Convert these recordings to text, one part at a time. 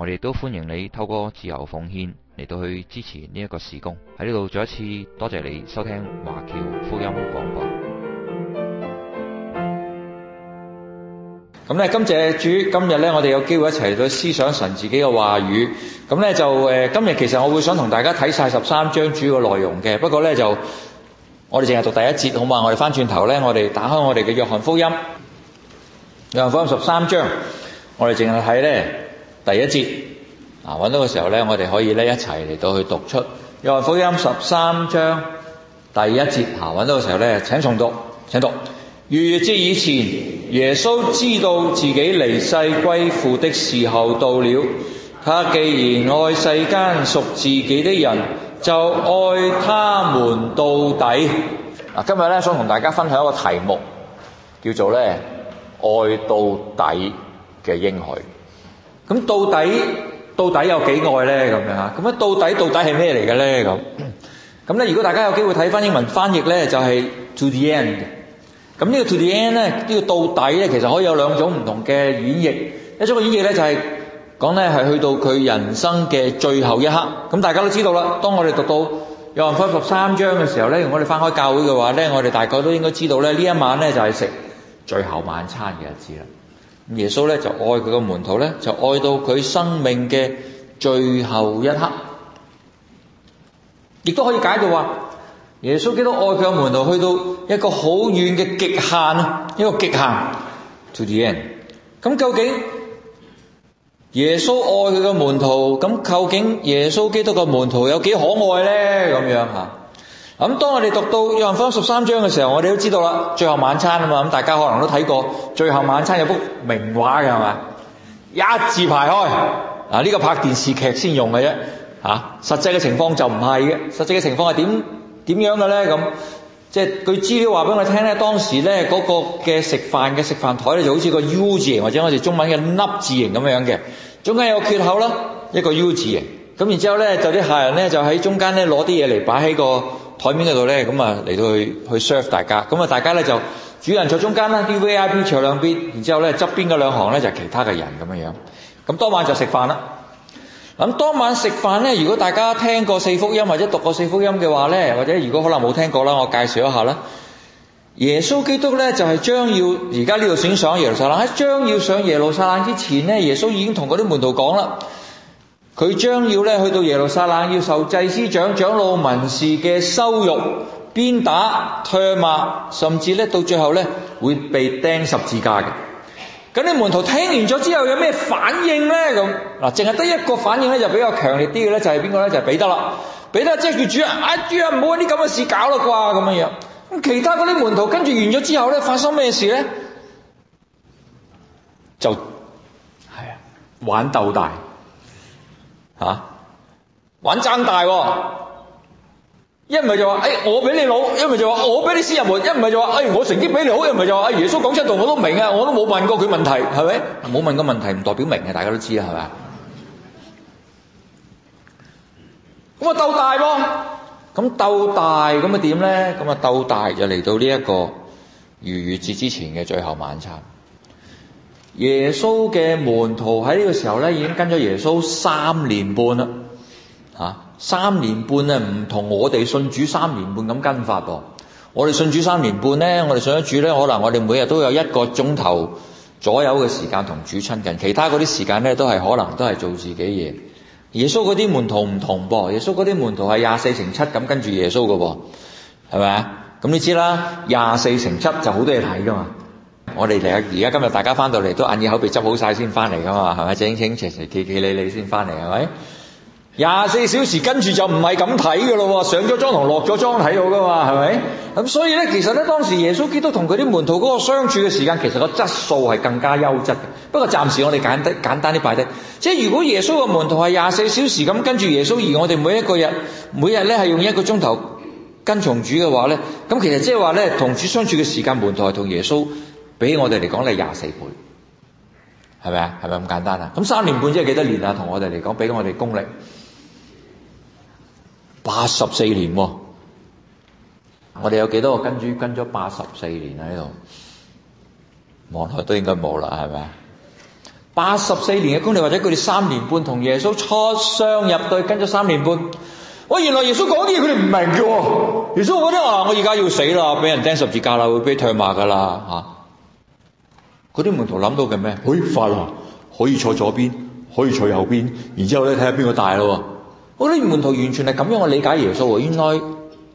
我哋都歡迎你透過自由奉獻嚟到去支持呢一個事工喺呢度。再一次多謝你收聽華僑福音廣播。咁咧，感謝主今日咧，我哋有機會一齊去思想神自己嘅話語。咁咧就誒、呃，今日其實我會想同大家睇晒十三章主要嘅內容嘅。不過咧就我哋淨係讀第一節好嘛？我哋翻轉頭咧，我哋打開我哋嘅約翰福音，約翰福音十三章，我哋淨係睇咧。第一節，啊，搵到嘅時候咧，我哋可以咧一齊嚟到去讀出《約翰福音》十三章第一節。啊，搵到嘅時候咧，請重讀，請讀。逾越節以前，耶穌知道自己離世歸父的時候到了。他既然愛世間屬自己的人，就愛他們到底。啊，今日咧想同大家分享一個題目，叫做咧愛到底嘅應許。咁到底到底有幾愛呢？咁樣嚇，咁啊到底到底係咩嚟嘅呢？咁咁咧，如果大家有機會睇翻英文翻譯呢，就係、是、to the end。咁、這、呢個 to the end 呢，呢個到底呢？其實可以有兩種唔同嘅演繹。一種嘅演繹呢，就係講呢，係去到佢人生嘅最後一刻。咁大家都知道啦，當我哋讀到約翰福音十三章嘅時候呢，如果我哋翻開教會嘅話呢，我哋大概都應該知道呢，呢一晚呢，就係食最後晚餐嘅日子啦。耶穌咧就愛佢個門徒咧，就愛到佢生命嘅最後一刻，亦都可以解讀話，耶穌基督愛佢個門徒去到一個好遠嘅極限啊，一個極限。To the end。咁究竟耶穌愛佢個門徒，咁究竟耶穌基督嘅門徒有幾可愛咧？咁樣吓？咁當我哋讀到《約翰福音》十三章嘅時候，我哋都知道啦，《最後晚餐》啊嘛，咁大家可能都睇過《最後晚餐》有幅名畫嘅係嘛？一字排開啊！呢個拍電視劇先用嘅啫嚇，實際嘅情況就唔係嘅。實際嘅情況係點點樣嘅咧？咁即係據資料話俾我聽咧，當時咧嗰個嘅食飯嘅食飯台咧就好似個 U 字形或者我哋中文嘅凹字形咁樣嘅，中間有個缺口啦，一個 U 字形。咁然之後咧，就啲客人咧就喺中間咧攞啲嘢嚟擺喺個台面嗰度呢，咁啊嚟到去去 serve 大家，咁啊大家呢，就主人坐中間啦，啲 VIP 坐兩邊，然之後呢側邊嗰兩行呢，就係其他嘅人咁樣樣。咁當晚就食飯啦。咁當晚食飯呢，如果大家聽過四福音或者讀過四福音嘅話呢，或者如果可能冇聽過啦，我介紹一下啦。耶穌基督呢，就係將要而家呢度選上耶路撒冷，喺將要上耶路撒冷之前呢，耶穌已經同嗰啲門徒講啦。佢將要咧去到耶路撒冷，要受祭司長、長老、文士嘅羞辱、鞭打、唾罵，甚至咧到最後咧會被釘十字架嘅。咁啲門徒聽完咗之後有咩反應咧？咁嗱，淨係得一個反應咧就比較強烈啲嘅咧，就係邊個咧？就係、是、彼得啦。彼得即係佢主人，啊、哎、主啊，唔好啲咁嘅事搞啦啩，咁樣樣。咁其他嗰啲門徒跟住完咗之後咧，發生咩事咧？就係啊，玩鬥大。吓、啊，玩爭大喎、哦，一唔係就話誒、哎、我比你老，一唔係就話我俾你先入門，一唔係就話誒、哎、我成績比你好，一唔係就話阿、哎、耶穌講出道我都明啊，我都冇問過佢問題，係咪？冇問過問題唔代表明嘅，大家都知啦，係咪？咁啊鬥大喎，咁鬥大咁啊點咧？咁啊鬥大就嚟到呢一個逾越節之前嘅最後晚餐。耶穌嘅門徒喺呢個時候咧，已經跟咗耶穌三年半啦，吓，三年半咧唔同我哋信主三年半咁跟法噃。我哋信主三年半呢，我哋信咗主呢，可能我哋每日都有一個鐘頭左右嘅時間同主親近，其他嗰啲時間呢，都係可能都係做自己嘢。耶穌嗰啲門徒唔同噃，耶穌嗰啲門徒係廿四乘七咁跟住耶穌噶，係咪啊？咁你知啦，廿四乘七就好多嘢睇噶嘛。我哋嚟，而家今日大家翻到嚟都眼耳口鼻執好晒先翻嚟噶嘛？係咪整整齊齊、企企理理先翻嚟？係咪廿四小時跟住就唔係咁睇嘅咯？喎，上咗妝同落咗妝睇到噶嘛？係咪？咁所以咧，其實咧，當時耶穌基督同佢啲門徒嗰個相處嘅時間，其實個質素係更加優質嘅。不過暫時我哋簡單簡單啲擺低。即係如果耶穌嘅門徒係廿四小時咁跟住耶穌，而我哋每一個日每日咧係用一個鐘頭跟從主嘅話咧，咁其實即係話咧同主相處嘅時間，門徒係同耶穌。俾我哋嚟講，你廿四倍，係咪啊？係咪咁簡單啊？咁三年半即係幾多年，年啊？同我哋嚟講，俾我哋功力八十四年喎。我哋有幾多個跟住跟咗八十四年喺、啊、度？望落去都應該冇啦，係咪啊？八十四年嘅功力，或者佢哋三年半同耶穌初相入對，跟咗三年半。我、哦、原來耶穌講啲嘢佢哋唔明嘅。耶穌嗰啲話，我而家要死啦，俾人釘十字架啦，會俾唾罵噶啦，吓、啊。嗰啲門徒諗到嘅咩？可以發啊，可以坐左邊，可以坐右邊，然之後咧，睇下邊個大咯。嗰啲門徒完全係咁樣去理解耶穌。原來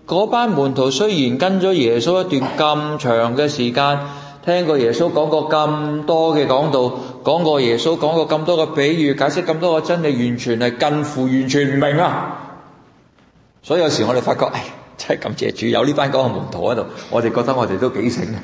嗰班門徒雖然跟咗耶穌一段咁長嘅時間，聽過耶穌講過咁多嘅講道，講過耶穌講過咁多嘅比喻，解釋咁多嘅真理，完全係近乎完全唔明啊！所以有時我哋發覺，唉，真係感謝主，有呢班嗰個門徒喺度，我哋覺得我哋都幾醒啊！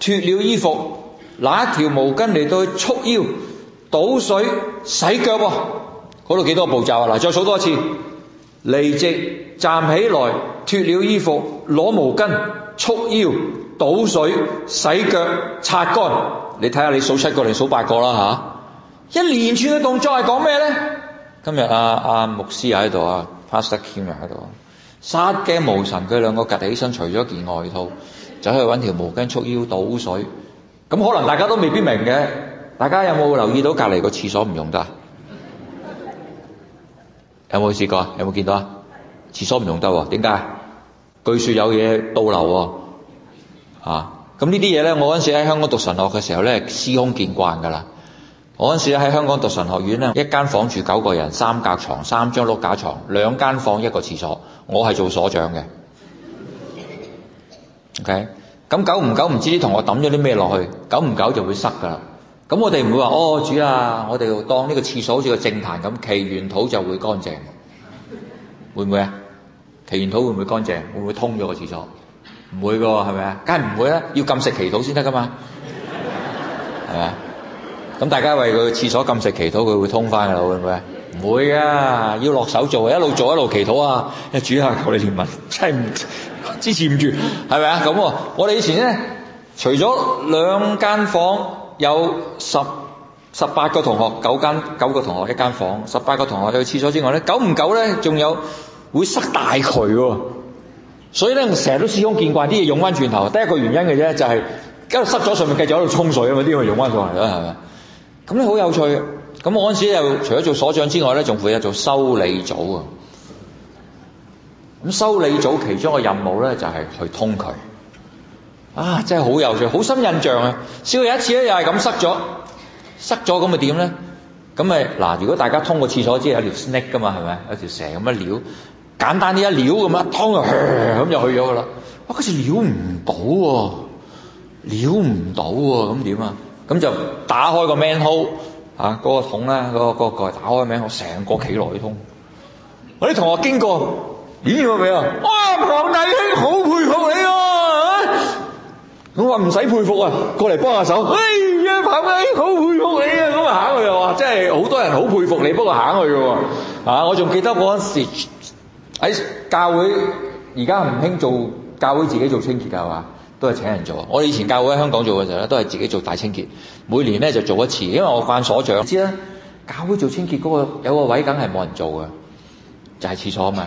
脫了衣服，拿一條毛巾嚟到去束腰、倒水、洗腳喎。嗰度幾多步驟啊？嗱，再數多一次。離席站起來，脫了衣服，攞毛巾束腰、倒水、洗腳、擦乾。你睇下你數七個定數八個啦吓。一連串嘅動作係講咩咧？今日阿阿牧師喺度啊，Pastor Kim 也喺度。啊。殺驚無神，佢兩個架起身除咗件外套。走去揾條毛巾束腰，倒水，咁可能大家都未必明嘅。大家有冇留意到隔離個廁所唔用得？ 有冇試過？有冇見到啊？廁所唔用得喎，點解？據説有嘢倒流喎，啊，啊！咁呢啲嘢呢，我嗰陣時喺香港讀神學嘅時候呢，司空見慣㗎啦。我嗰陣時喺香港讀神學院呢，一間房住九個人，三格床，三張碌架床，兩間房一個廁所，我係做所長嘅。OK，咁久唔久唔知啲同學抌咗啲咩落去，久唔久就會塞噶啦。咁我哋唔會話哦，主啊，我哋當呢個廁所好似個政壇咁，祈完禱就會乾淨，會唔會啊？祈完禱會唔會乾淨？會唔會通咗個廁所？唔會噶，係咪啊？梗係唔會啦，要禁食祈禱先得噶嘛。係咪啊？咁大家為個廁所禁食祈禱，佢會通翻噶，會唔會啊？唔會噶，要落手做，一路做一路祈禱啊！主啊，求你憐憫，真係唔～支持唔住，係咪啊？咁我哋以前咧，除咗兩間房有十十八個同學，九間九個同學一間房，十八個同學去廁所之外咧，久唔久咧，仲有會塞大渠喎、啊。所以咧，成日都司空見慣啲嘢湧翻轉頭。第一個原因嘅啫，就係一度塞咗上面，繼續喺度沖水啊嘛，啲嘢湧翻上嚟啦，係咪？咁咧好有趣。咁、啊、我嗰陣時又除咗做所長之外咧，仲負責做修理組啊。咁修理組其中嘅任務咧，就係、是、去通渠。啊，真係好有趣，好深印象啊！少有一次咧，又係咁塞咗，塞咗咁咪點咧？咁咪嗱，如果大家通過廁所，就知有條 snake 㗎嘛，係咪？有條蛇咁樣撩，簡單啲一撩咁一通啊咁就去咗㗎啦。哇，好似撩唔到喎，撩唔到喎，咁點啊？咁、啊啊啊、就打開個 man hole 啊，嗰、那個桶咧，嗰、那個嗰、那個蓋、那個那個那個、打開,開 man hole 成個企落去通。我啲同學經過。咦？你未係咪啊？哇！彭大兄好佩服你啊！啊，我話唔使佩服、哎、啊，過嚟幫下手。哎呀，彭大兄好佩服你啊！咁啊，行佢又話，真係好多人好佩服你，不過行佢嘅啊！我仲記得嗰陣時喺教會，而家唔興做教會自己做清潔㗎，係嘛，都係請人做。我哋以前教會喺香港做嘅時候咧，都係自己做大清潔，每年咧就做一次。因為我係所長，知啦，教會做清潔嗰個有個位梗係冇人做嘅，就係、是、廁所啊嘛。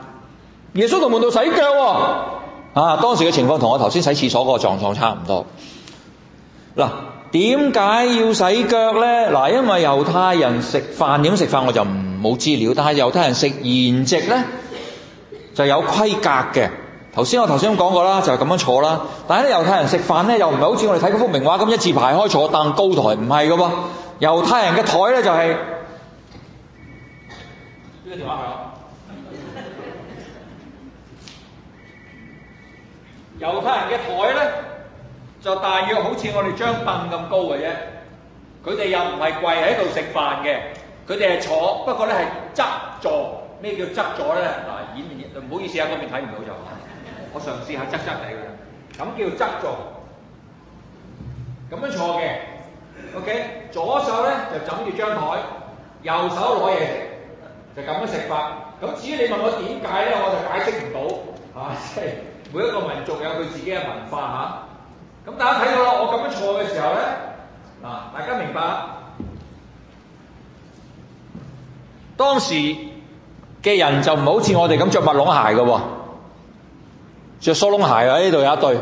耶穌同門徒洗腳喎、啊，啊，當時嘅情況同我頭先洗廁所嗰個狀況差唔多。嗱、啊，點解要洗腳咧？嗱、啊，因為猶太人食飯點食飯我就冇資料，但係猶太人食筵席咧就有規格嘅。頭先我頭先咁講過啦，就係、是、咁樣坐啦。但係咧，猶太人食飯咧又唔係好似我哋睇嗰幅名畫咁一,一字排開坐凳高台，唔係嘅噃。猶太人嘅台咧就係、是。邊個電話嚟？猶太人嘅台咧，就大約好似我哋張凳咁高嘅啫。佢哋又唔係跪喺度食飯嘅，佢哋係坐，不過咧係側坐。咩叫側坐咧？嗱，演員唔好意思啊，嗰邊睇唔到就，我嘗試下側側地嘅，咁叫側坐。咁樣坐嘅，OK，左手咧就枕住張台，右手攞嘢食，就咁樣食飯。咁至於你問我點解咧，我就解釋唔到，係嘛？每一個民族有佢自己嘅文化嚇，大家睇到啦。我咁樣坐嘅時候呢，大家明白。當時嘅人就唔係好似我哋咁著麥朗鞋嘅喎，著蘇朗鞋喎。呢度有一對，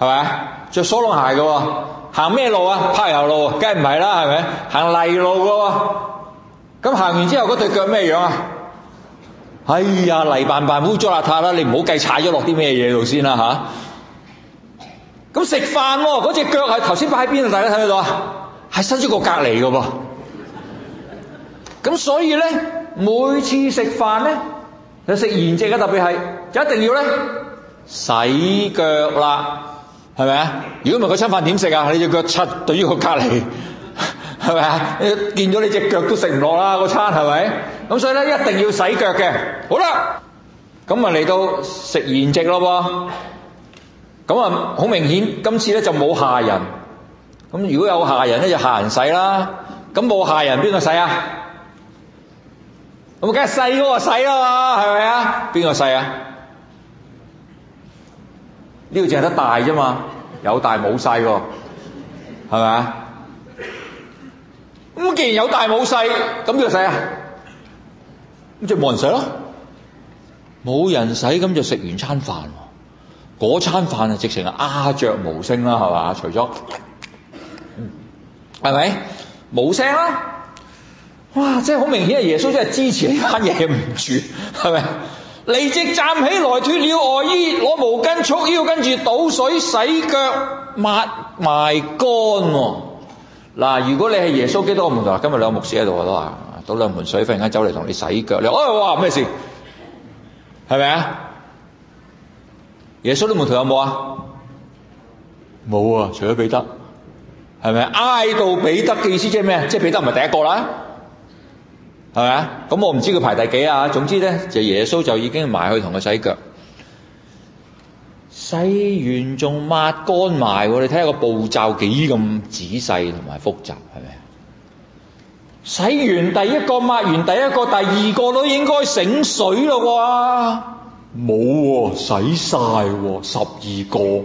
係咪？ 著蘇朗鞋嘅喎，行咩路啊？柏油路，梗係唔係啦？係咪？行泥路嘅喎。咁行完之後，嗰對腳咩樣啊？哎呀，泥扮扮污糟邋遢啦！你唔好計踩咗落啲咩嘢度先啦吓，咁、啊、食飯喎，嗰隻腳係頭先擺喺邊啊？大家睇得到啊？係伸咗個隔離㗎噃。咁所以咧，每次食飯咧，你食完隻嘅特別係一定要咧洗腳啦，係咪啊？如果唔係，個餐飯點食啊？你隻腳七對於個隔離。係咪啊？見到你隻腳都食唔落啦，個餐係咪？咁所以咧，一定要洗腳嘅。好啦，咁啊嚟到食筵席咯噃。咁啊，好明顯，今次咧就冇下人。咁如果有下人咧，就下人洗啦。咁冇下人，邊個洗啊？咁梗係細個洗啦嘛，係咪啊？邊個洗啊？呢個淨係得大啫嘛，有大冇細喎，係咪啊？咁既然有大冇細，咁就使洗啊？咁就冇人洗咯、啊，冇人洗。咁就食完餐飯、啊，嗰餐飯啊直情啊鴉雀無聲啦、啊，係嘛？除咗，係、嗯、咪？無聲啦、啊！哇！真係好明顯，耶穌真係支持呢班嘢唔住，係咪？ 離席 站起來，脫了外衣，攞毛巾束腰，跟住倒水洗腳，抹埋乾、啊。嗱，如果你係耶穌基督嘅門徒，今日兩個牧師喺度我都話倒兩盆水，忽然間走嚟同你洗腳。你哦、哎、哇咩事？係咪？耶穌啲門徒有冇啊？冇啊，除咗彼得，係咪挨到彼得嘅意思即係咩？即係彼得唔係第一個啦，係咪啊？咁我唔知佢排第幾啊。總之呢，就是、耶穌就已經埋去同佢洗腳。洗完仲抹乾埋，你睇下個步驟幾咁仔細同埋複雜，係咪啊？洗完第一個，抹完第一個，第二個都應該醒水咯喎。冇喎、啊，洗晒喎、啊，十二個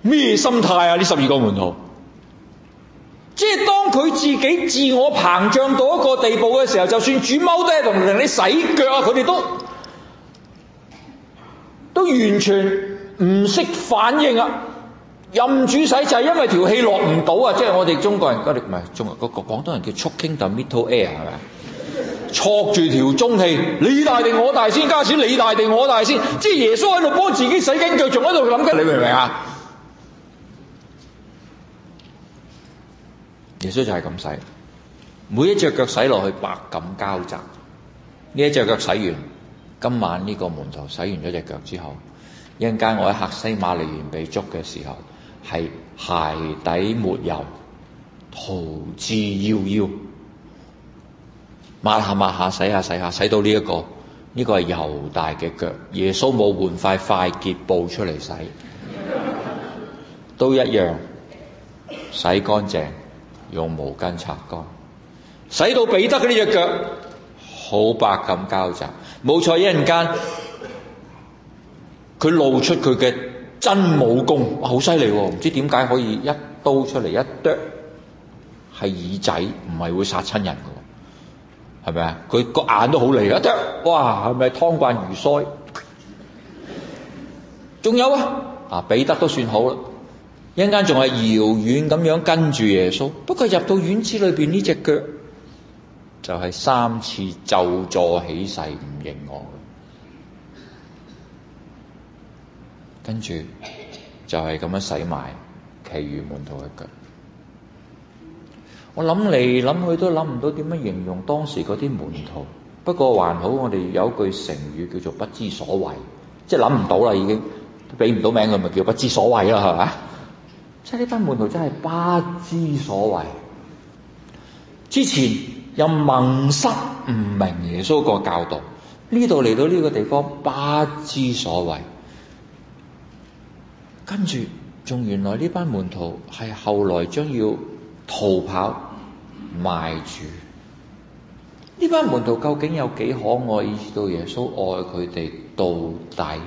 咩 心態啊？呢十二個門徒，即係當佢自己自我膨脹到一個地步嘅時候，就算主踎低同你洗腳啊，佢哋都。都完全唔識反應啊！任主洗就係因為條氣落唔到啊！即係我哋中國人，唔係中國嗰個廣東人叫 choking the middle air 係咪啊？托住條中氣，你大定我大先，加錢你大定我大先。即係耶穌喺度幫自己洗緊腳，就仲喺度諗緊，你明唔明啊？耶穌就係咁洗，每一隻腳洗落去百感交集，呢一隻腳洗完。今晚呢個門徒洗完咗隻腳之後，一陣間我喺客西馬尼園被捉嘅時候，係鞋底抹油，逃之夭夭。抹下抹下，洗下洗下，洗到呢、這、一個，呢、這個係猶大嘅腳。耶穌冇換塊快潔布出嚟洗，都一樣洗乾淨，用毛巾擦乾。洗到彼得嗰呢隻腳。好白咁交集，冇錯。一陣間佢露出佢嘅真武功，好犀利喎！唔知點解可以一刀出嚟一啄，係耳仔，唔係會殺親人嘅喎，係咪啊？佢個眼都好利一啄，哇，係咪劏慣魚腮？仲有啊，啊彼得都算好啦，一陣間仲係遙遠咁樣跟住耶穌。不過入到院子裏邊呢隻腳。就係三次就坐起誓唔認我，跟住就係咁樣洗埋其餘門徒一腳。我諗嚟諗去都諗唔到點樣形容當時嗰啲門徒。不過還好，我哋有句成語叫做不知所謂，即係諗唔到啦，已經都俾唔到名佢咪叫不知所謂啦，係嘛？即係呢班門徒真係不知所謂。之前。又蒙失唔明耶穌個教導，呢度嚟到呢個地方不知所謂。跟住仲原來呢班門徒係後來將要逃跑賣主。呢班門徒究竟有幾可愛？以至耶穌愛佢哋到底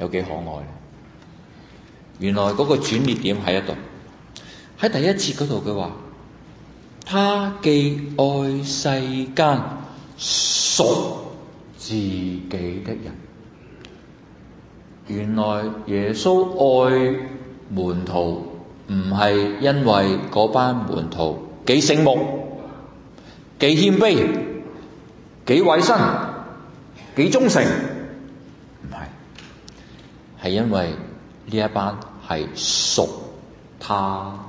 有幾可愛呢？原來嗰個轉捩點喺一度。喺第一節嗰度，佢話：他既愛世間屬自己的人，原來耶穌愛門徒唔係因為嗰班門徒幾醒目、幾謙卑、幾委身、幾忠誠，唔係，係因為呢一班係屬他。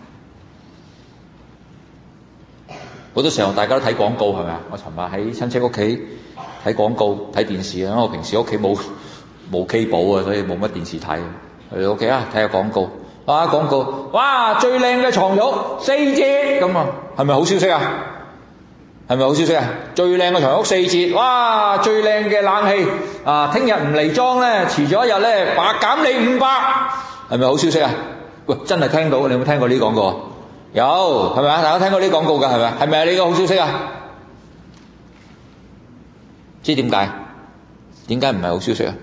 好多時候大家都睇廣告，係咪啊？我尋日喺親戚屋企睇廣告、睇電視啊，因為我平時屋企冇冇 cable 啊，冇 cable，所以冇乜電視睇。嚟屋企啊，睇下廣告。啊，廣告！哇，最靚嘅床褥四折咁啊，係咪好消息啊？係咪好消息啊？最靚嘅床褥四折！哇，最靚嘅冷氣啊，聽日唔嚟裝呢，遲咗一日呢，百減你五百，係咪好消息啊？喂，真係聽到，你有冇聽過呢啲廣告？有係咪啊？大家聽過啲廣告噶係咪？係咪你個好消息啊？知點解？點解唔係好消息啊？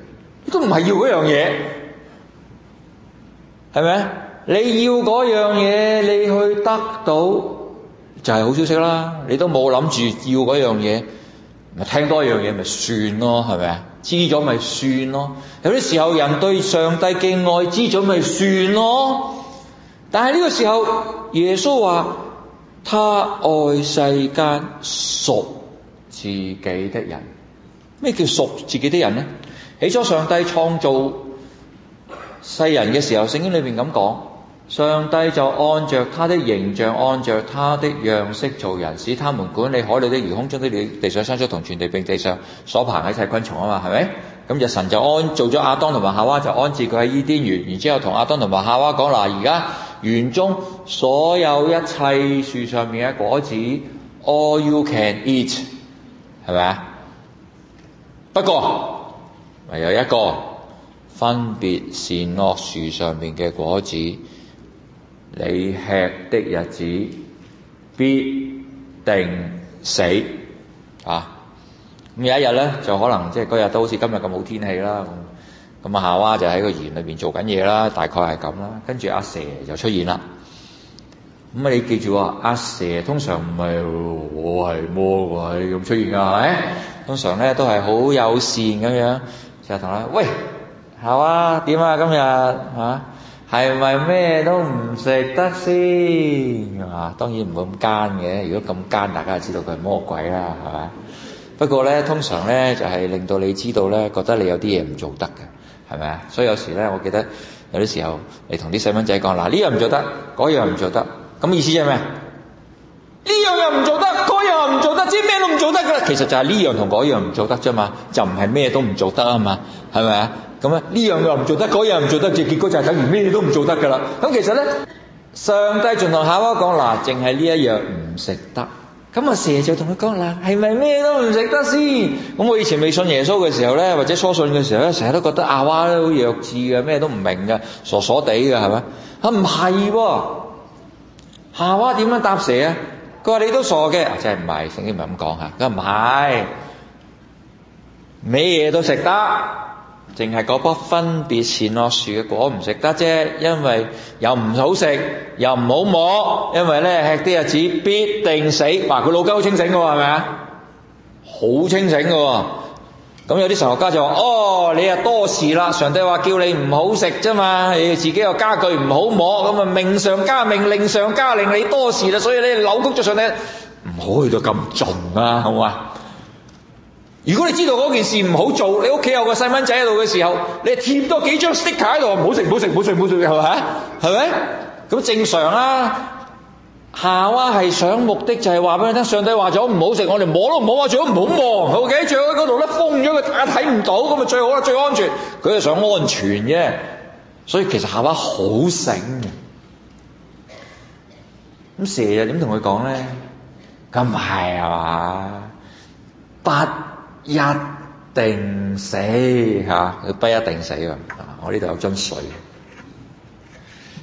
你都唔係要嗰樣嘢，係咪你要嗰樣嘢，你去得到就係、是、好消息啦。你都冇諗住要嗰樣嘢，咪聽多樣嘢咪算咯？係咪啊？知咗咪算咯。有啲時候人對上帝嘅愛知咗咪算咯？但係呢個時候，耶穌話，他愛世間屬自己的人。咩叫屬自己的人呢？起初上帝創造世人嘅時候，聖經裏面咁講，上帝就按照他的形象，按照他的樣式造人，使他們管理海裏的魚、空中的鳥、地上生出同全地並地上所爬嘅一切昆蟲啊嘛，係咪？咁、嗯、日神就安做咗亞當同埋夏娃，就安置佢喺伊甸園，然之後同亞當同埋夏娃講：嗱，而家。園中所有一切樹上面嘅果子，all you can eat，係咪啊？不過，唯有一個，分別善惡樹上面嘅果子，你吃的日子必定死啊！咁有一日咧，就可能即係嗰日都好似今日咁好天氣啦。咁啊，夏娃就喺個園裏邊做緊嘢啦，大概係咁啦。跟住阿蛇就出現啦。咁啊，你記住啊，阿蛇通常唔係我係魔鬼咁出現噶，係咪？通常咧都係好友善咁樣，就同你喂，夏娃點啊？今日嚇係咪咩都唔食得先？嚇、啊，當然唔會咁奸嘅。如果咁奸，大家就知道佢係魔鬼啦，係咪？不過咧，通常咧就係、是、令到你知道咧，覺得你有啲嘢唔做得嘅。係咪啊？所以有時咧，我記得有啲時候，你同啲細蚊仔講嗱，呢樣唔做得，嗰樣唔做得，咁意思即係咩？呢樣又唔做得，嗰樣又唔做得，知咩都唔做得噶啦。其實就係呢樣同嗰樣唔做得啫嘛，就唔係咩都唔做得啊嘛，係咪啊？咁咧呢樣又唔做得，嗰樣唔做得，只結果就係等於咩都唔做得噶啦。咁其實咧，上帝仲同夏娃講嗱，淨係呢一樣唔食得。咁啊蛇就同佢講啦，係咪咩都唔食得先？咁我以前未信耶穌嘅時候咧，或者初信嘅時候咧，成日都覺得阿娃都好弱智嘅，咩都唔明嘅，傻傻地嘅係咪？啊唔係喎，亞、啊、娃點樣答蛇啊？佢話你都傻嘅、啊，真係唔係，聖經唔係咁講吓，佢話唔係，咩嘢都食得。淨係嗰樖分別善惡樹嘅果唔食得啫，因為又唔好食，又唔好摸，因為咧吃啲日子必定死。嗱，佢腦筋好清醒嘅喎，係咪啊？好清醒嘅喎。咁有啲神學家就話：哦，你啊多事啦！上帝話叫你唔好食啫嘛，你自己又家具唔好摸，咁啊命上加命，令上加令，你多事啦。所以你扭曲咗上帝，唔好去到咁盡啊，好嘛？如果你知道嗰件事唔好做，你屋企有個細蚊仔喺度嘅時候，你貼多幾張 sticker 喺度，唔好食，唔好食，唔好食，唔好食，係咪？係咪？咁正常啊。夏娃係想目的就係話俾你聽，上帝話咗唔好食，我哋摸都唔好摸，着都唔好望，好嘅着喺嗰度咧，封咗佢，個眼睇唔到，咁咪最好啦，最安全。佢係想安全啫，所以其實夏娃好醒。咁蛇又點同佢講咧？咁係係嘛？不。一定死嚇，佢、啊、不一定死㗎、啊。我呢度有樽水，水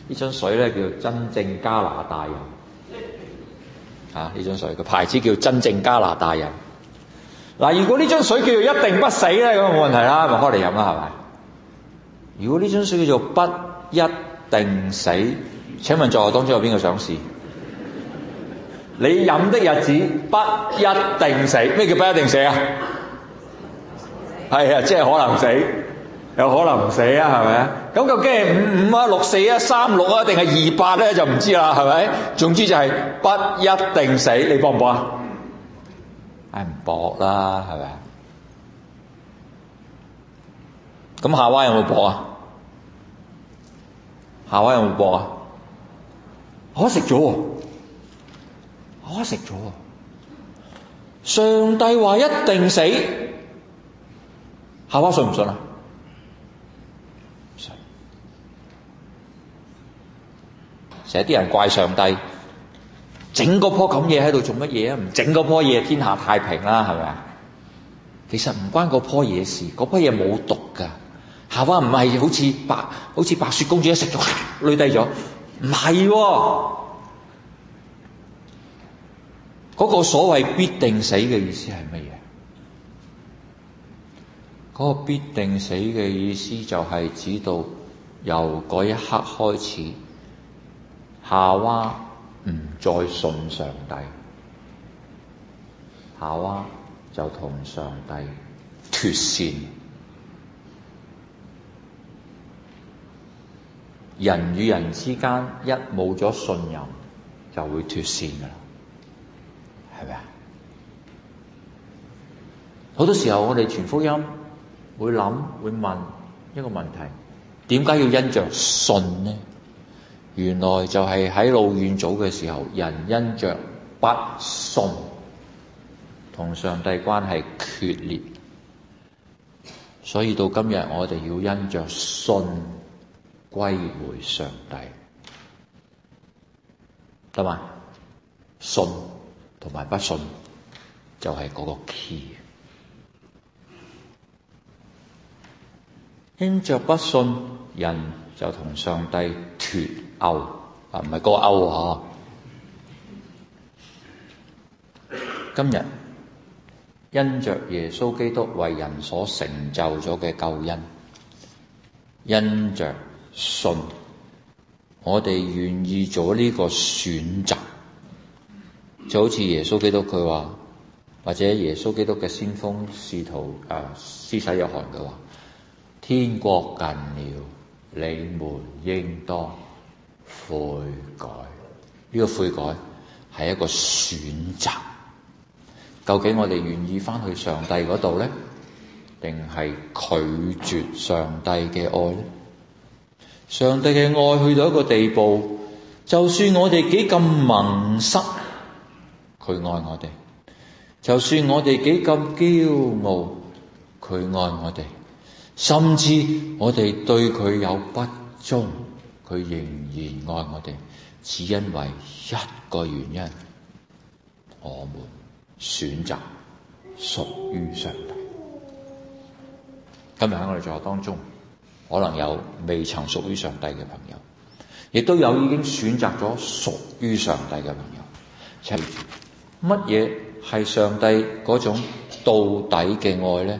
呢樽水咧叫做真正加拿大人嚇。呢、啊、樽水個牌子叫真正加拿大人。嗱、啊，如果呢樽水叫做一定不死咧，咁、那、冇、個、問題啦，咪開嚟飲啦，係咪？如果呢樽水叫做不一定死，請問在座當中有邊個想試？你飲的日子不一定死。咩叫不一定死啊？係啊，即係可能死，有可能唔死啊，係咪啊？咁究竟係五五啊，六四啊，三六啊，定係二八咧就唔知啦，係咪？總之就係不一定死，你搏唔搏啊？唉、哎，唔搏啦，係咪啊？咁夏娃有冇搏啊？夏娃有冇搏啊？我食咗，我食咗。上帝話一定死。夏娃信唔信啊？唔信。成日啲人怪上帝，整個棵咁嘢喺度做乜嘢啊？唔整嗰棵嘢，天下太平啦，係咪啊？其實唔關嗰棵嘢事，嗰棵嘢冇毒噶。夏娃唔係好似白，好似白雪公主一食就累、呃、低咗，唔係、啊。嗰、嗰個所謂必定死嘅意思係咩？嗰個必定死嘅意思就係指到由嗰一刻開始，夏娃唔再信上帝，夏娃就同上帝脫線。人與人之間一冇咗信任，就會脫線噶啦，係咪啊？好多時候我哋傳福音。會諗，會問，一個問題，點解要因著信呢？原來就係喺老遠祖嘅時候，人因著不信，同上帝關係決裂。所以到今日我哋要因著信，歸回上帝。得嘛？信同埋不信，就係嗰個 key。因着不信，人就同上帝脫鉤，啊，唔係個鉤啊！今日因着耶穌基督為人所成就咗嘅救恩，因着信，我哋願意做呢個選擇，就好似耶穌基督佢話，或者耶穌基督嘅先鋒試圖誒呃、施洗約翰嘅話。天國近了，你們應當悔改。呢、呢個悔改係一個選擇。究竟我哋願意翻去上帝嗰度呢？定係拒絕上帝嘅愛咧？上帝嘅愛去到一個地步，就算我哋幾咁盲塞，佢愛我哋；就算我哋幾咁驕傲，佢愛我哋。甚至我哋對佢有不忠，佢仍然愛我哋，只因為一個原因，我們選擇屬於上帝。今日喺我哋座學當中，可能有未曾屬於上帝嘅朋友，亦都有已經選擇咗屬於上帝嘅朋友。請，乜嘢係上帝嗰種到底嘅愛呢？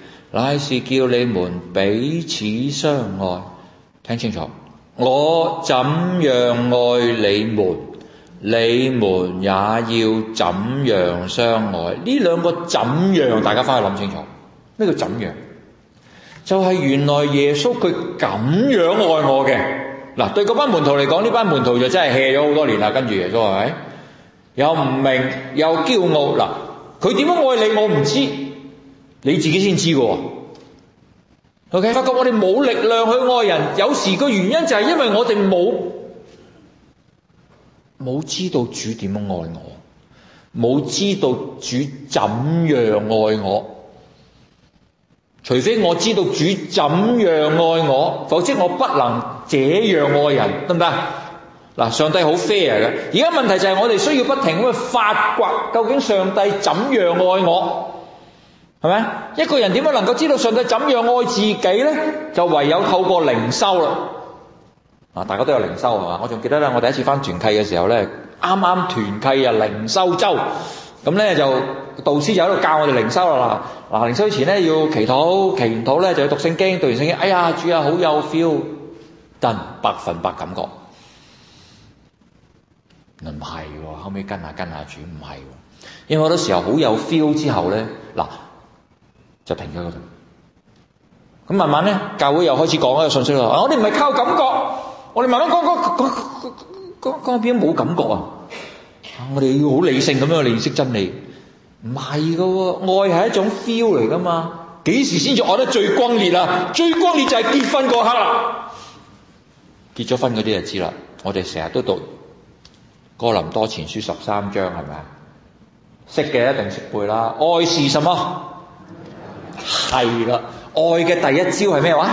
乃是叫你們彼此相愛，聽清楚。我怎樣愛你們，你們也要怎樣相愛。呢兩個怎樣，大家翻去諗清楚。呢個怎樣，就係、是、原來耶穌佢咁樣愛我嘅。嗱，對嗰班門徒嚟講，呢班門徒就真係 hea 咗好多年啦。跟住耶穌係咪、哎？又唔明，又驕傲。嗱，佢點樣愛你，我唔知。你自己先知嘅喎，OK？發覺我哋冇力量去愛人，有時個原因就係因為我哋冇冇知道主點樣愛我，冇知道主怎樣愛我。除非我知道主怎樣愛我，否則我不能這樣愛人，得唔得？嗱，上帝好 fair 嘅，而家問題就係我哋需要不停咁去發掘，究竟上帝怎樣愛我？係咪？一個人點樣能夠知道上帝怎樣愛自己呢？就唯有透過靈修啦。啊，大家都有靈修係嘛？我仲記得咧，我第一次翻團契嘅時候呢，啱啱團契啊靈修週。咁、嗯、呢，就導師就喺度教我哋靈修啦。嗱、呃，靈修以前呢，要祈禱，祈完禱咧就要讀聖經，讀完聖經，哎呀，主啊，好有 feel，真百分百感覺。唔係喎，後尾跟下跟下主唔係喎，因為好多時候好有 feel 之後呢。嗱。就停咗嗰度。咁慢慢咧，教會又開始講一個信息咯。我哋唔係靠感覺，我哋慢慢講講講講講變咗冇感覺啊！我哋要好理性咁樣去認識真理，唔係噶喎，愛係一種 feel 嚟噶嘛？幾時先至愛得最轟烈啊？最轟烈就係結婚嗰刻喇。結咗婚嗰啲就知啦。我哋成日都讀哥林多前書十三章，係咪啊？識嘅一定識背啦。愛是什麼？係啦，愛嘅第一招係咩話？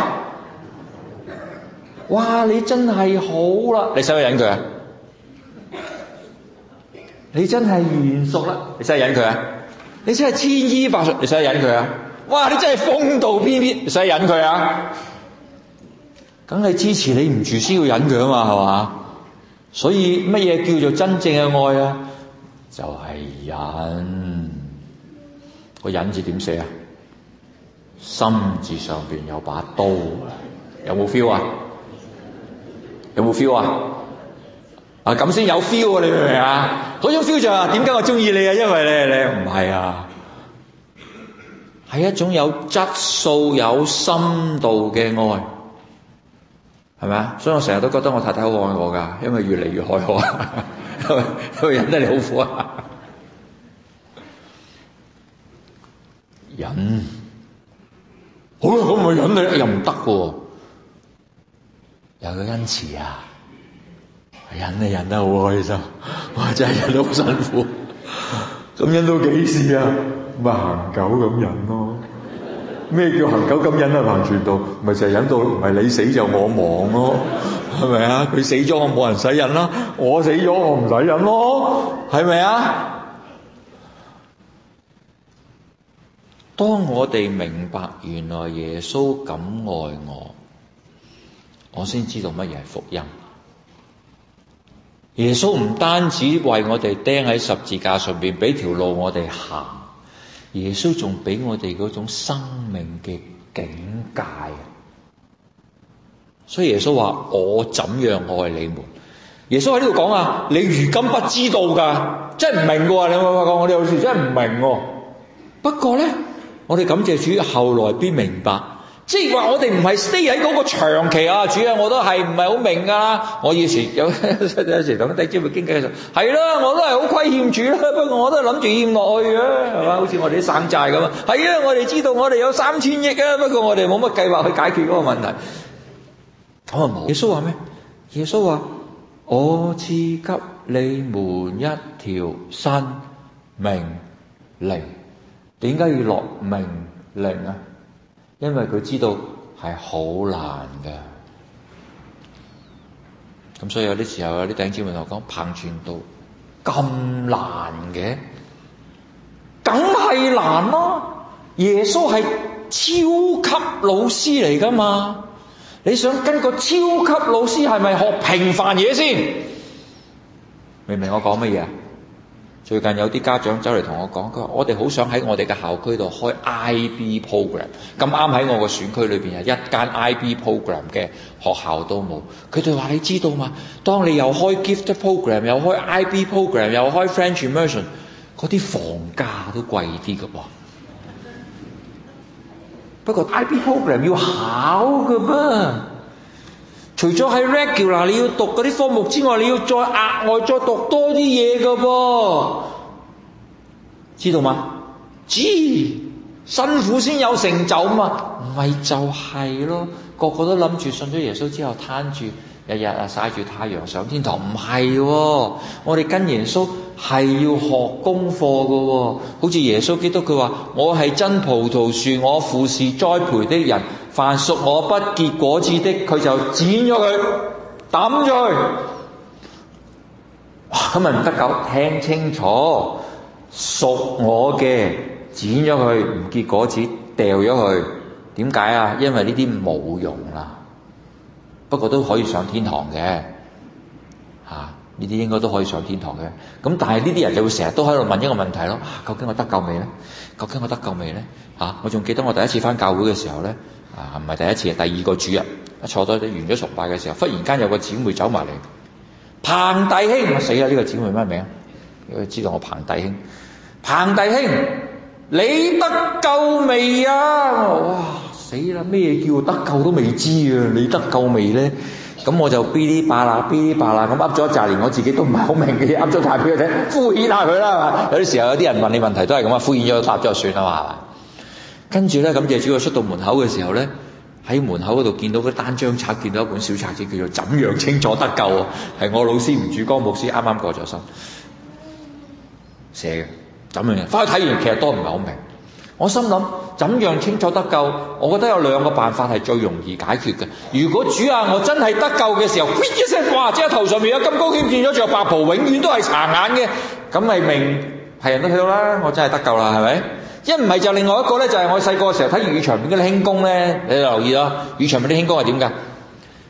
哇，你真係好啦，你使唔使忍佢啊？你真係賢淑啦，你使唔使忍佢啊？你真係千依百順，你使唔使忍佢啊？哇，你真係風度翩翩，你使唔使忍佢啊？梗係支持你唔住，先要忍佢啊嘛，係嘛？所以乜嘢叫做真正嘅愛啊？就係、是、忍。個忍字點寫啊？心字上邊有把刀，有冇 feel 啊？有冇 feel 啊？啊咁先有 feel 啊！你明唔明啊？嗰種 feel 就係點解我中意你啊？因為你，你唔係啊，係一種有質素、有深度嘅愛，係咪啊？所以我成日都覺得我太太好愛我㗎，因為越嚟越害我啊，因為忍得你好苦啊，呵呵忍。好啦，咁咪忍你又唔得喎，有個恩賜啊，忍你忍得好開心，真係忍得好辛苦，咁忍到幾時啊？咪行狗咁忍咯。咩叫行狗咁忍啊？行全道咪就係忍到，唔係你死就我亡咯，係咪啊？佢死咗我冇人使忍咯，我死咗我唔使忍咯，係咪啊？當我哋明白原來耶穌咁愛我，我先知道乜嘢係福音。耶穌唔單止為我哋釘喺十字架上邊，俾條路我哋行。耶穌仲俾我哋嗰種生命嘅境界。所以耶穌話：我怎樣愛你們。耶穌喺呢度講啊，你如今不知道噶，真係唔明噶。你有冇發覺我哋有時真係唔明？不過咧。我哋感謝主，後來必明白？即係話我哋唔係 stay 喺嗰個長期啊，主啊，我都係唔係好明啊！我以前有有 時同啲姊妹傾偈，就係啦，我都係好虧欠主啦。不過我都諗住欠落去嘅，係嘛？好似我哋啲省債咁啊，係啊！我哋、啊啊啊、知道我哋有三千億啊，不過我哋冇乜計劃去解決嗰個問題。我話冇，耶穌話咩？耶穌話：我賜給你們一條新命令。點解要落命令啊？因為佢知道係好難嘅，咁所以有啲時候有啲頂尖信徒講，彭傳道，咁難嘅？梗係難咯，啊。耶穌係超級老師嚟噶嘛？你想跟個超級老師係咪學平凡嘢先？明唔明我講乜嘢啊？最近有啲家長走嚟同我講，佢話我哋好想喺我哋嘅校區度開 IB program，咁啱喺我個選區裏邊係一間 IB program 嘅學校都冇，佢哋話你知道嗎？當你又開 gift program，又開 IB program，又開 French immersion，嗰啲房價都貴啲㗎噃。不過 IB program 要考㗎噃。除咗喺 regular 你要讀嗰啲科目之外，你要再額外再讀多啲嘢嘅噃，知道嗎？知，辛苦先有成就嘛，唔係就係咯。個個都諗住信咗耶穌之後攤住，日日啊曬住太陽上天堂，唔係喎。我哋跟耶穌係要學功課嘅喎，好似耶穌基督佢話：我係真葡萄樹，我父是栽培的人。凡屬我不結果子的，佢就剪咗佢，抌咗佢。咁咪唔得救？聽清楚，屬我嘅剪咗佢，唔結果子掉咗佢。點解啊？因為呢啲冇用啦。不過都可以上天堂嘅嚇，呢、啊、啲應該都可以上天堂嘅。咁、啊、但係呢啲人就會成日都喺度問一個問題咯、啊。究竟我得救未呢？」「究竟我得救未呢？」「嚇！我仲記得我第一次返教會嘅時候呢。」唔係第一次，第二個主日。一坐咗完咗崇拜嘅時候，忽然間有個姊妹走埋嚟，彭弟兄、啊、死啦！呢、這個姊妹咩名？因知道我彭弟兄，彭弟兄，你得救未啊？我話：哇，死啦！咩叫得救都未知啊？你得救未咧？咁我就噼里啪啦，噼里啪啦，咁噏咗一陣，連我自己都唔係好明嘅嘢，噏咗太畀佢聽就敷衍下佢啦，係嘛？有啲時候有啲人問你問題都係咁啊，敷衍咗答咗就算啦嘛。跟住咧，咁就主要出到門口嘅時候咧，喺門口嗰度見到嗰單張冊，見到一本小冊子，叫做《怎樣清楚得救、啊》。係我老師吳主光牧師啱啱過咗身寫嘅。怎樣？翻去睇完，其實都唔係好明。我心諗，怎樣清楚得救？我覺得有兩個辦法係最容易解決嘅。如果主啊、呃，我真係得救嘅時候，一聲哇，即係頭上面有金光閃現咗，仲有白袍，永遠都係殘眼嘅，咁咪明係人都睇到啦。我真係得救啦，係咪？一唔係就另外一個咧，就係、是、我細個嘅時候睇粵語場邊粵語長片嗰啲輕功咧，你留意啦，粵語長片啲輕功係點㗎？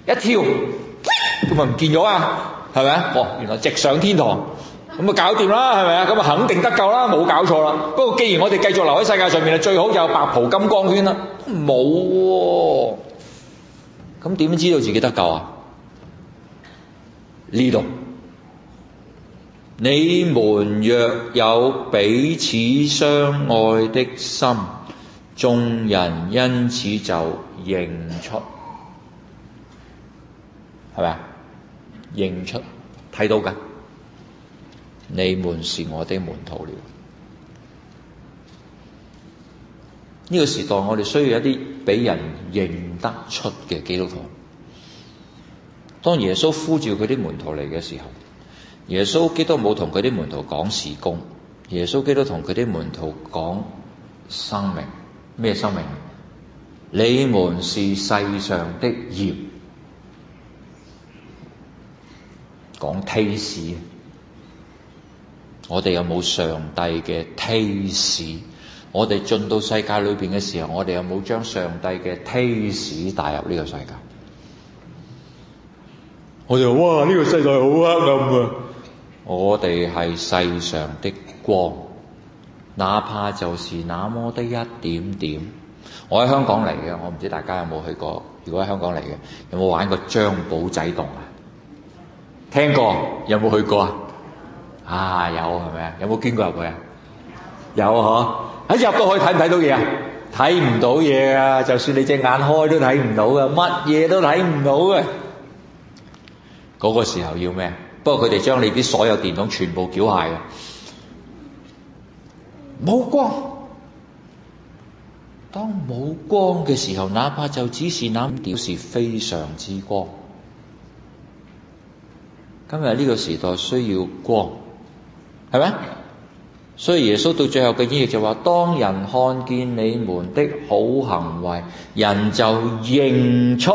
一跳，佢咪唔見咗啊？係咪啊？哦，原來直上天堂，咁啊搞掂啦，係咪啊？咁啊肯定得救啦，冇搞錯啦。不過既然我哋繼續留喺世界上面啊，最好就有白袍金光圈啦，冇喎、啊。咁點知道自己得救啊？呢度。你們若有彼此相愛的心，眾人因此就認出，係咪啊？認出睇到噶，你們是我的門徒了。呢個時代，我哋需要一啲俾人認得出嘅基督徒。當耶穌呼召佢啲門徒嚟嘅時候。耶穌基督冇同佢啲門徒講事工，耶穌基督同佢啲門徒講生命，咩生命？你們是世上的鹽，講梯士，我哋有冇上帝嘅梯士？我哋進到世界裏邊嘅時候，我哋有冇將上帝嘅梯士帶入呢個世界？我哋哇，呢、這個世界好黑暗啊！我哋係世上的光，哪怕就是那麼的一點點。我喺香港嚟嘅，我唔知大家有冇去過。如果喺香港嚟嘅，有冇玩過張保仔洞啊？聽過有冇去過啊？啊有係咪啊？有冇捐過入去啊？有呵。喺入到去睇唔睇到嘢啊？睇唔到嘢啊，啊！就算你隻眼開都睇唔到嘅，乜嘢都睇唔到嘅。嗰個時候要咩？不過佢哋將你啲所有電筒全部繳械嘅，冇光。當冇光嘅時候，哪怕就只是那表示非常之光。今日呢個時代需要光，係咪？所以耶穌到最後嘅演繹就話：當人看見你們的好行為，人就認出。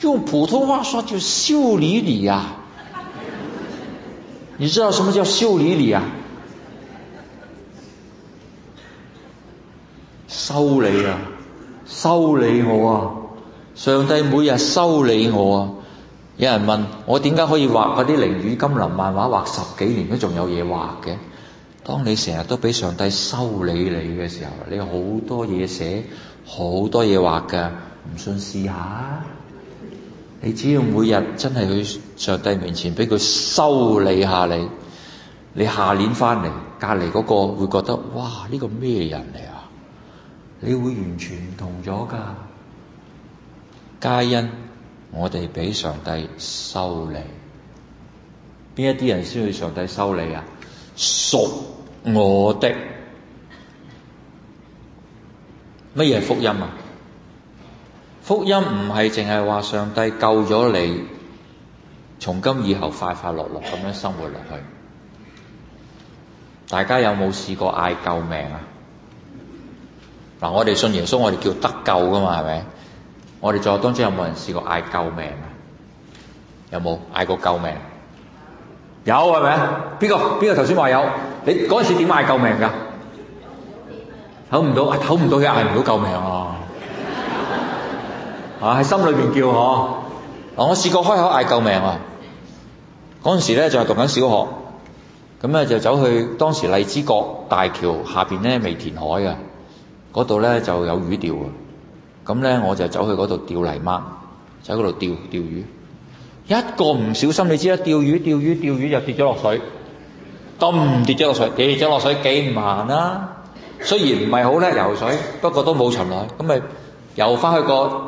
用普通話說叫修理你呀，你知道什麼叫修理你啊？修理啊，修理我啊！上帝每日修理我啊！有人問我點解可以畫嗰啲《靈雨金林》漫畫，畫十幾年都仲有嘢畫嘅？當你成日都俾上帝修理你嘅時候，你好多嘢寫，好多嘢畫㗎，唔信試下。你只要每日真係去上帝面前畀佢修理下你，你下年翻嚟，隔籬嗰個會覺得哇，呢個咩人嚟啊？你會完全唔同咗噶。皆因我哋畀上帝修理，邊一啲人先去上帝修理啊？屬我的。乜嘢係福音啊？福音唔係淨係話上帝救咗你，從今以後快快樂樂咁樣生活落去。大家有冇試過嗌救命啊？嗱，我哋信耶穌，我哋叫得救噶嘛，係咪？我哋在座當中有冇人試過嗌救命啊？有冇嗌過救命？有係咪？邊個邊個頭先話有？你嗰陣時點嗌救命噶？唞唔到，唞唔到，佢嗌唔到救命啊！啊，喺心裏邊叫嗬！我試過開口嗌救命啊！嗰陣時咧就係讀緊小學，咁咧就走去當時荔枝角大橋下邊咧，未填海啊嗰度咧就有魚釣，咁咧我就走去嗰度釣泥鰍，就喺嗰度釣釣魚。一個唔小心，你知啦，釣魚釣魚釣魚，釣魚就跌咗落水，咁跌咗落水，跌咗落水幾唔行啊？雖然唔係好叻游水，不過都冇沉落，咁咪游翻去個。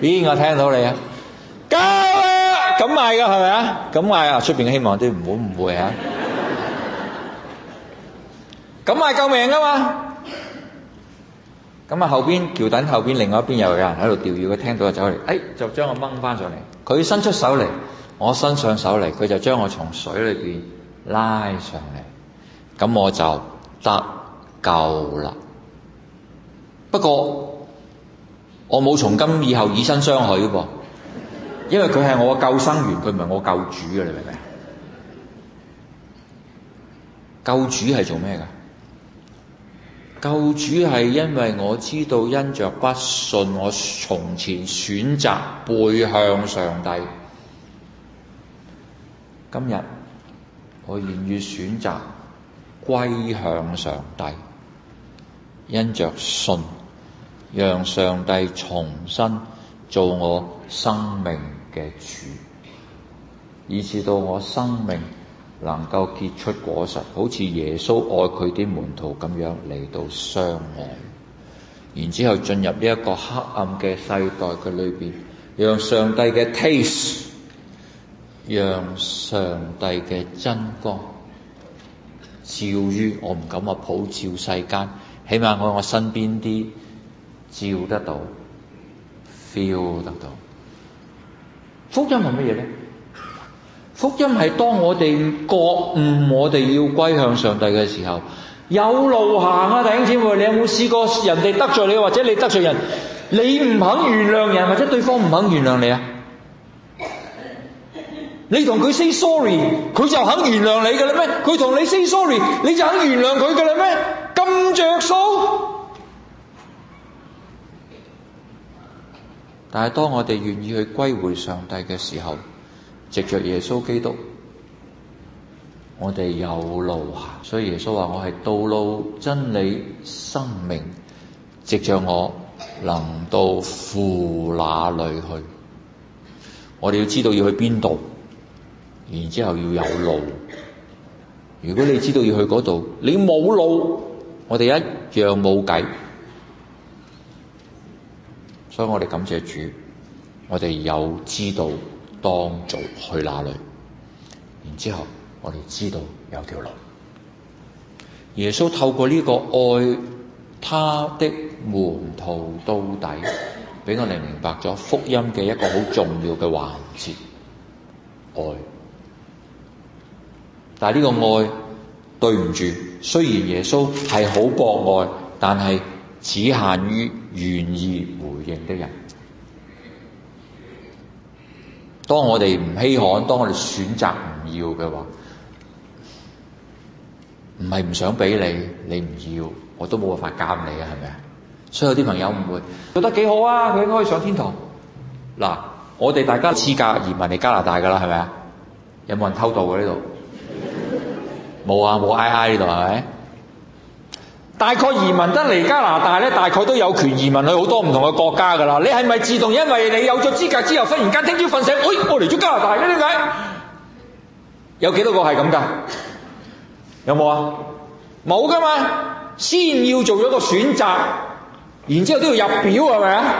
邊個我聽到你啊？救啊！咁嗌噶係咪啊？咁嗌啊！出邊嘅希望啲唔好誤會嚇。咁嗌救命噶嘛！咁啊，後邊橋墩後邊另外一邊又有人喺度釣魚，佢聽到就走嚟，哎，就將我掹翻上嚟。佢伸出手嚟，我伸上手嚟，佢就將我從水裏邊拉上嚟。咁我就得救啦。不過，我冇從今以後以身相許喎，因為佢係我嘅救生員，佢唔係我救主，你明唔明？救主係做咩㗎？救主係因為我知道因着不信，我從前選擇背向上帝，今日我願意選擇歸向上帝，因着信。讓上帝重新做我生命嘅主，以至到我生命能夠結出果實，好似耶穌愛佢啲門徒咁樣嚟到相愛。然之後進入呢一個黑暗嘅世代嘅裏邊，讓上帝嘅 taste，讓上帝嘅真光照於我。唔敢話普照世間，起碼喺我，我身邊啲。照得到，feel 得到。福音係乜嘢呢？福音係當我哋覺悟，我哋要歸向上帝嘅時候，有路行啊！弟兄姊妹，你有冇試過人哋得罪你，或者你得罪人，你唔肯原諒人，或者對方唔肯原諒你啊？你同佢 say sorry，佢就肯原諒你㗎喇咩？佢同你 say sorry，你就肯原諒佢㗎喇咩？咁着數？但係，當我哋願意去歸回上帝嘅時候，藉着耶穌基督，我哋有路行。所以耶穌話：我係道路、真理、生命，藉着我能到父那裏去。我哋要知道要去邊度，然之後要有路。如果你知道要去嗰度，你冇路，我哋一樣冇計。所以我哋感謝主，我哋有知道當做去哪裏，然之後我哋知道有條路。耶穌透過呢個愛他的門徒到底，俾我哋明白咗福音嘅一個好重要嘅環節，愛。但係呢個愛對唔住，雖然耶穌係好博愛，但係，只限於願意回應的人。當我哋唔稀罕，當我哋選擇唔要嘅話，唔係唔想俾你，你唔要，我都冇辦法監你嘅，係咪啊？所以有啲朋友唔會，覺得幾好啊，佢應該可以上天堂。嗱，我哋大家持假移民嚟加拿大㗎啦，係咪啊？有冇人偷渡㗎呢度？冇啊，冇 I I 呢度係咪？是大概移民得嚟加拿大咧，大概都有權移民去好多唔同嘅國家㗎啦。你係咪自動因為你有咗資格之後，忽然間聽朝瞓醒，哎，我嚟咗加拿大？你點解有幾多個係咁㗎？有冇啊？冇噶嘛，先要做咗個選擇，然之後都要入表係咪啊？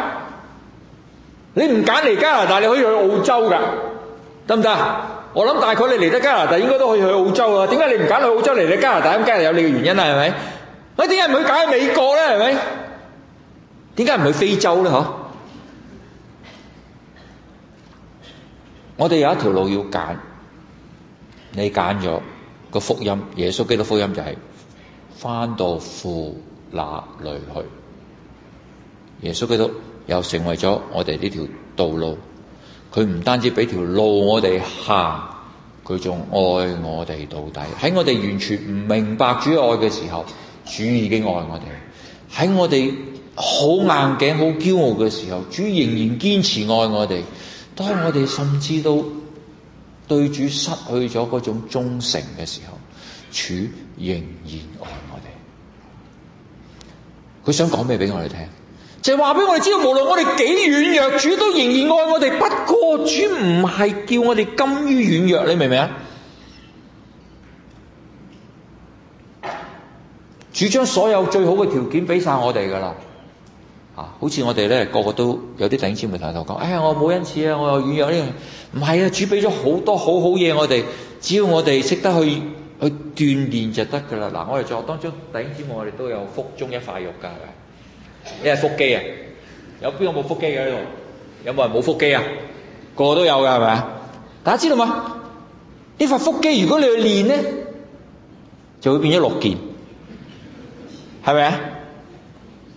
你唔揀嚟加拿大，你可以去澳洲㗎，得唔得？我諗大概你嚟得加拿大，應該都可以去澳洲啊。點解你唔揀去澳洲嚟到加拿大？咁，梗係有你嘅原因啦，係咪？我點解唔去揀喺美國咧？係咪？點解唔去非洲咧？嗬、啊？我哋有一條路要揀，你揀咗個福音，耶穌基督福音就係、是、翻到父那裏去。耶穌基督又成為咗我哋呢條道路，佢唔單止俾條路我哋行，佢仲愛我哋到底。喺我哋完全唔明白主愛嘅時候。主已經愛我哋，喺我哋好硬頸、好驕傲嘅時候，主仍然堅持愛我哋。當我哋甚至都對主失去咗嗰種忠誠嘅時候，主仍然愛我哋。佢想講咩俾我哋聽？就係話俾我哋知，無論我哋幾軟弱，主都仍然愛我哋、就是。不過，主唔係叫我哋甘於軟弱，你明唔明啊？主將所有最好嘅條件俾晒我哋噶啦，啊，好似我哋咧個個都有啲弟兄姊妹同我講，哎呀，我冇恩賜啊，我又軟弱呢、這個，唔係啊，主俾咗好多好好嘢我哋，只要我哋識得去去鍛煉就得噶啦。嗱、啊，我哋在當中弟兄姊妹我哋都有腹中一塊肉噶，係咪？你係腹肌啊，有邊個冇腹肌嘅呢度？有冇人冇腹肌啊？個個都有噶係咪啊？大家知道嗎？呢塊腹肌如果你去練呢，就會變咗六件。係咪啊？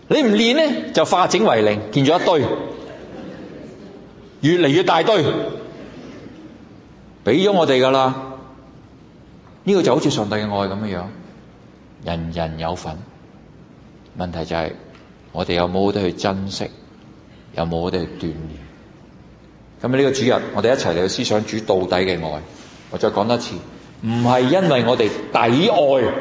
你唔練咧，就化整為零，見咗一堆，越嚟越大堆，俾咗我哋噶啦。呢個就好似上帝嘅愛咁樣樣，人人有份。問題就係，我哋有冇得去珍惜，有冇得去鍛煉？咁呢個主日，我哋一齊嚟思想主到底嘅愛。我再講多次，唔係因為我哋抵愛。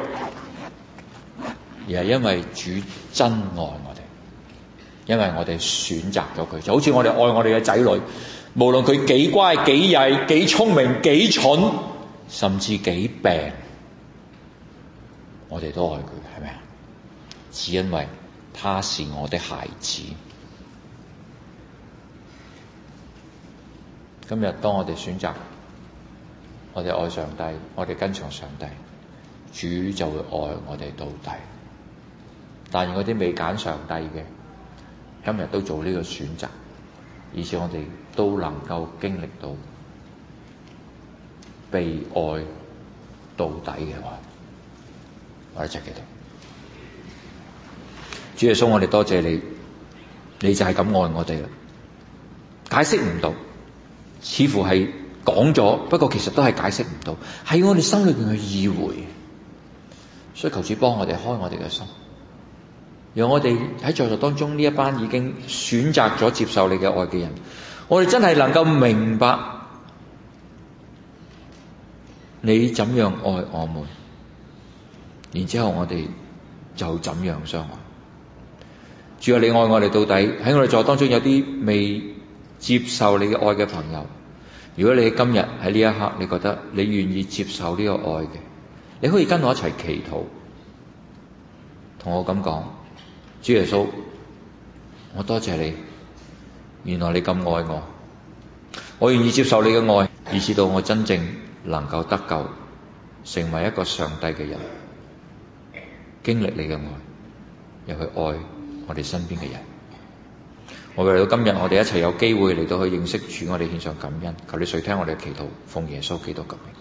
而係因為主真愛我哋，因為我哋選擇咗佢，就好似我哋愛我哋嘅仔女，無論佢幾乖、幾曳、幾聰明、幾蠢，甚至幾病，我哋都愛佢，係咪啊？只因為他是我的孩子。今日當我哋選擇，我哋愛上帝，我哋跟從上帝，主就會愛我哋到底。但係我啲未揀上帝嘅，今日都做呢個選擇，而且我哋都能夠經歷到被愛到底嘅愛。我一齊祈禱，主耶穌，我哋多謝你，你就係咁愛我哋啦。解釋唔到，似乎係講咗，不過其實都係解釋唔到，喺我哋心裏邊嘅意會。所以求主幫我哋開我哋嘅心。讓我哋喺在座當中呢一班已經選擇咗接受你嘅愛嘅人，我哋真係能夠明白你怎樣愛我們，然之後我哋就怎樣相愛。只要你愛我哋到底。喺我哋座當中有啲未接受你嘅愛嘅朋友，如果你今日喺呢一刻你覺得你願意接受呢個愛嘅，你可以跟我一齊祈禱，同我咁講。主耶穌，我多謝你，原來你咁愛我，我願意接受你嘅愛，以至到我真正能夠得救，成為一個上帝嘅人，經歷你嘅愛，又去愛我哋身邊嘅人。我為到今日，我哋一齊有機會嚟到去認識主，我哋獻上感恩。求你垂聽我哋嘅祈禱，奉耶穌基督感恩。